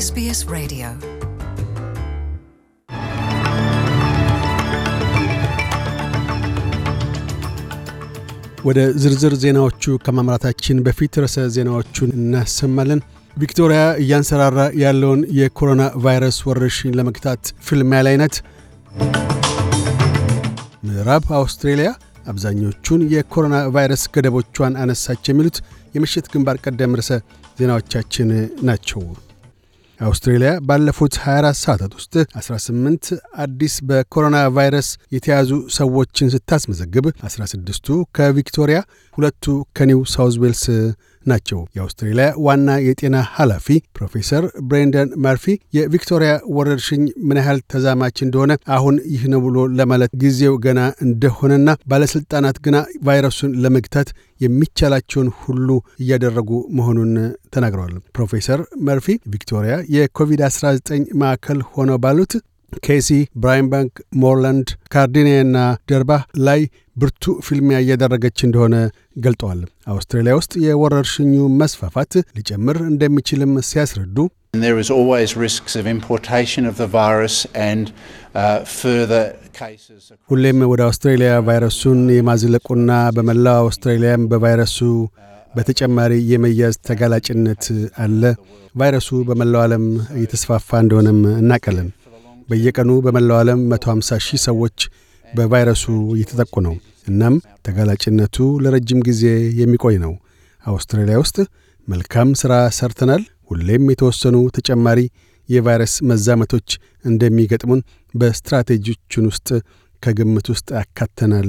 SBS Radio ወደ ዝርዝር ዜናዎቹ ከማምራታችን በፊት ርዕሰ ዜናዎቹን እናሰማለን። ቪክቶሪያ እያንሰራራ ያለውን የኮሮና ቫይረስ ወረርሽኝ ለመግታት ፍልሚያ ላይ ናት። ምዕራብ አውስትሬልያ አብዛኞቹን የኮሮና ቫይረስ ገደቦቿን አነሳች። የሚሉት የምሽት ግንባር ቀደም ርዕሰ ዜናዎቻችን ናቸው። አውስትሬልያ ባለፉት 24 ሰዓታት ውስጥ 18 አዲስ በኮሮና ቫይረስ የተያዙ ሰዎችን ስታስመዘግብ 16ቱ ከቪክቶሪያ፣ ሁለቱ ከኒው ሳውዝ ዌልስ ናቸው። የአውስትሬልያ ዋና የጤና ኃላፊ ፕሮፌሰር ብሬንደን መርፊ የቪክቶሪያ ወረርሽኝ ምን ያህል ተዛማች እንደሆነ አሁን ይህ ነው ብሎ ለማለት ጊዜው ገና እንደሆነና ባለሥልጣናት ግና ቫይረሱን ለመግታት የሚቻላቸውን ሁሉ እያደረጉ መሆኑን ተናግረዋል። ፕሮፌሰር መርፊ ቪክቶሪያ የኮቪድ-19 ማዕከል ሆነው ባሉት ኬሲ፣ ብራይን ባንክ፣ ሞርላንድ፣ ካርዲኔና ደርባ ላይ ብርቱ ፍልሚያ እያደረገች እንደሆነ ገልጠዋል። አውስትራሊያ ውስጥ የወረርሽኙ መስፋፋት ሊጨምር እንደሚችልም ሲያስረዱ uh, ሁሌም ወደ አውስትራሊያ ቫይረሱን የማዝለቁና በመላው አውስትራሊያም በቫይረሱ በተጨማሪ የመያዝ ተጋላጭነት አለ። ቫይረሱ በመላው ዓለም እየተስፋፋ እንደሆነም እናቀለን። በየቀኑ በመላው ዓለም 150 ሺህ ሰዎች በቫይረሱ እየተጠቁ ነው። እናም ተጋላጭነቱ ለረጅም ጊዜ የሚቆይ ነው። አውስትራሊያ ውስጥ መልካም ሥራ ሰርተናል። ሁሌም የተወሰኑ ተጨማሪ የቫይረስ መዛመቶች እንደሚገጥሙን በስትራቴጂዎችን ውስጥ ከግምት ውስጥ ያካተናል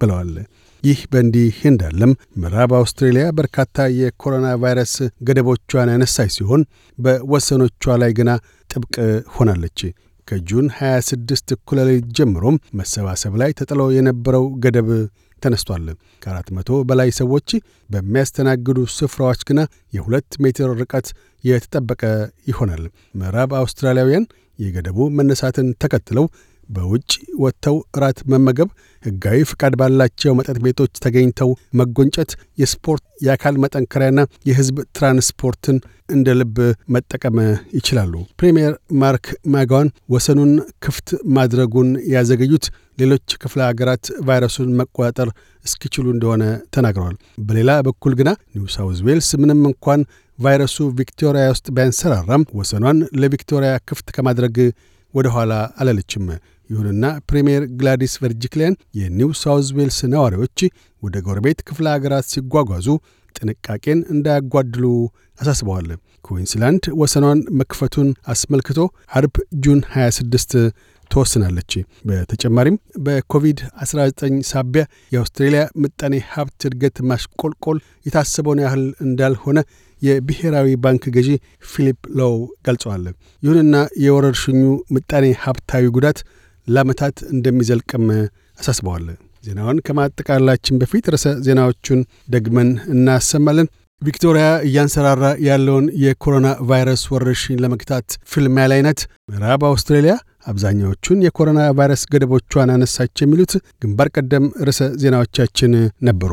ብለዋል። ይህ በእንዲህ እንዳለም ምዕራብ አውስትሬልያ በርካታ የኮሮና ቫይረስ ገደቦቿን ያነሳች ሲሆን በወሰኖቿ ላይ ግና ጥብቅ ሆናለች። ከጁን 26 እኩለ ሌሊት ጀምሮም መሰባሰብ ላይ ተጥሎ የነበረው ገደብ ተነስቷል። ከአራት መቶ በላይ ሰዎች በሚያስተናግዱ ስፍራዎች ግና የሁለት ሜትር ርቀት የተጠበቀ ይሆናል። ምዕራብ አውስትራሊያውያን የገደቡ መነሳትን ተከትለው በውጭ ወጥተው እራት መመገብ፣ ሕጋዊ ፍቃድ ባላቸው መጠጥ ቤቶች ተገኝተው መጎንጨት፣ የስፖርት የአካል መጠንከሪያና የሕዝብ ትራንስፖርትን እንደ ልብ መጠቀም ይችላሉ። ፕሪምየር ማርክ ማጋዋን ወሰኑን ክፍት ማድረጉን ያዘገዩት ሌሎች ክፍለ ሀገራት ቫይረሱን መቆጣጠር እስኪችሉ እንደሆነ ተናግረዋል። በሌላ በኩል ግና ኒው ሳውዝ ዌልስ ምንም እንኳን ቫይረሱ ቪክቶሪያ ውስጥ ቢያንሰራራም ወሰኗን ለቪክቶሪያ ክፍት ከማድረግ ወደ ኋላ አላለችም። ይሁንና ፕሪምየር ግላዲስ ቨርጅክሊያን የኒው ሳውዝ ዌልስ ነዋሪዎች ወደ ጎረቤት ክፍለ አገራት ሲጓጓዙ ጥንቃቄን እንዳያጓድሉ አሳስበዋል። ኩዊንስላንድ ወሰኗን መክፈቱን አስመልክቶ አርብ ጁን 26 ትወስናለች። በተጨማሪም በኮቪድ-19 ሳቢያ የአውስትሬልያ ምጣኔ ሀብት እድገት ማሽቆልቆል የታሰበውን ያህል እንዳልሆነ የብሔራዊ ባንክ ገዢ ፊሊፕ ሎው ገልጸዋል። ይሁንና የወረርሽኙ ምጣኔ ሀብታዊ ጉዳት ለአመታት እንደሚዘልቅም አሳስበዋል። ዜናውን ከማጠቃላችን በፊት ርዕሰ ዜናዎቹን ደግመን እናሰማለን። ቪክቶሪያ እያንሰራራ ያለውን የኮሮና ቫይረስ ወረርሽኝ ለመግታት ፍልሚያ ላይ ናት። ምዕራብ አውስትራሊያ አብዛኛዎቹን የኮሮና ቫይረስ ገደቦቿን አነሳች። የሚሉት ግንባር ቀደም ርዕሰ ዜናዎቻችን ነበሩ።